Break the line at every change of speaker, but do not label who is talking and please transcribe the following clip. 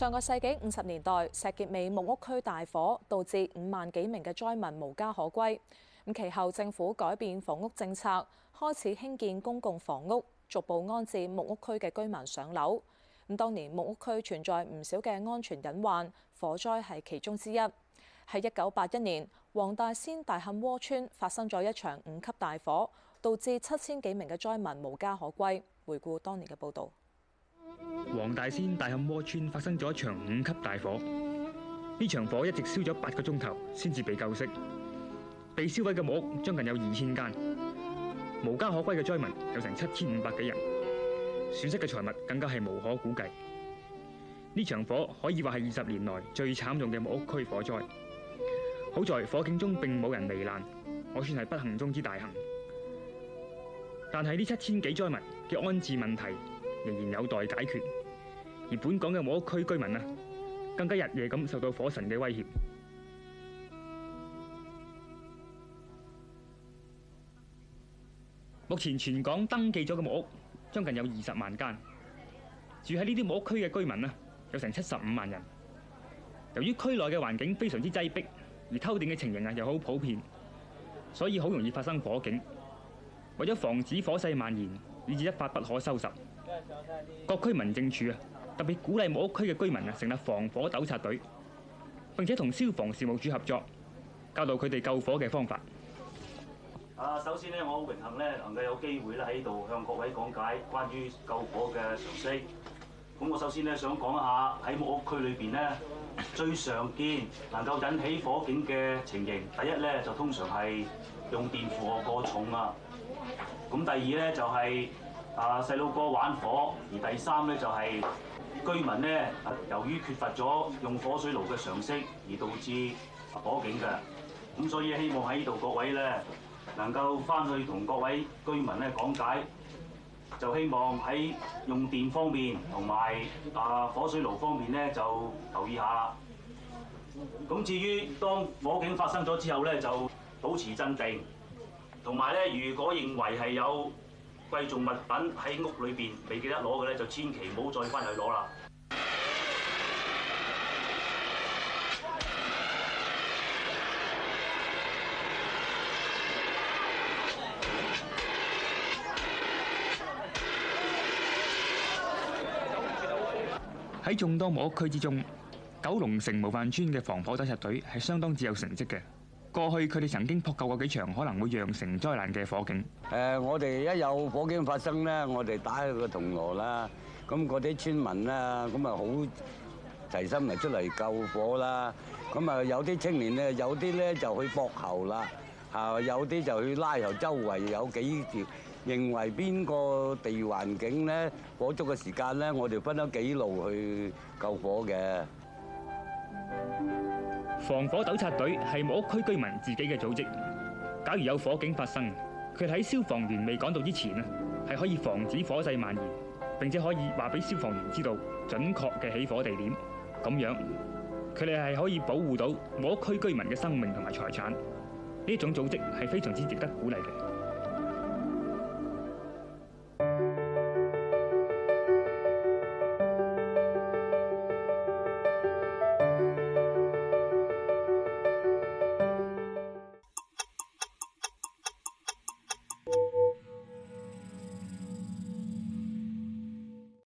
上個世紀五十年代，石硤尾木屋區大火，導致五萬幾名嘅災民無家可歸。咁其後政府改變房屋政策，開始興建公共房屋，逐步安置木屋區嘅居民上樓。咁當年木屋區存在唔少嘅安全隱患，火災係其中之一。喺一九八一年，黃大仙大磡窩村發生咗一場五級大火，導致七千幾名嘅災民無家可歸。回顧當年嘅報導。
黃大仙大磡窩村發生咗一場五級大火，呢場火一直燒咗八個鐘頭，先至被救熄。被燒毀嘅木屋將近有二千間，無家可歸嘅災民有成七千五百幾人，損失嘅財物更加係無可估計。呢場火可以話係二十年來最慘重嘅木屋區火災。好在火警中並冇人罹難，我算係不幸中之大幸。但係呢七千幾災民嘅安置問題。仍然有待解決，而本港嘅木屋區居民啊，更加日夜咁受到火神嘅威脅。目前全港登記咗嘅木屋，將近有二十萬間，住喺呢啲木屋區嘅居民啊，有成七十五萬人。由於區內嘅環境非常之擠迫，而偷電嘅情形啊又好普遍，所以好容易發生火警。為咗防止火勢蔓延，以至一發不可收拾。各區民政處啊，特別鼓勵木屋區嘅居民啊，成立防火督察隊，並且同消防事務處合作，教導佢哋救火嘅方法。啊，首
先咧，我好榮幸咧，能夠有機會咧喺度向各位講解關於救火嘅常識。咁我首先咧想講一下喺木屋區裏邊咧最常見能夠引起火警嘅情形。第一咧就通常係用電負荷過重啊。咁第二咧就係啊細路哥玩火，而第三咧就係居民咧由於缺乏咗用火水爐嘅常識，而導致火警嘅。咁所以希望喺呢度各位咧能夠翻去同各位居民咧講解，就希望喺用電方面同埋啊火水爐方面咧就留意下啦。咁至於當火警發生咗之後咧，就保持鎮定。同埋咧，如果認為係有貴重物品喺屋裏邊未記得攞嘅咧，就千祈唔好再翻去攞啦。
喺 眾多木屋區之中，九龍城模範村嘅防火偵察隊係相當之有成績嘅。過去佢哋曾經撲救過幾場可能會釀成災難嘅火警。
誒，我哋一有火警發生咧，我哋打個銅鑼啦，咁嗰啲村民啊，咁啊好齊心嚟出嚟救火啦。咁啊，有啲青年咧，有啲咧就去駁喉啦，嚇有啲就去拉油。周圍有幾條，認為邊個地環境咧，火燭嘅時間咧，我哋分咗幾路去救火嘅。防火糾察隊係木屋區居民自己嘅
組織，假如有火警發生，佢喺消防員未趕到之前啊，係可以防止火勢蔓延，並且可以話俾消防員知道準確嘅起火地點，咁樣佢哋係可以保護到木屋區居民嘅生命同埋財產。呢一種組織係非常之值得鼓勵嘅。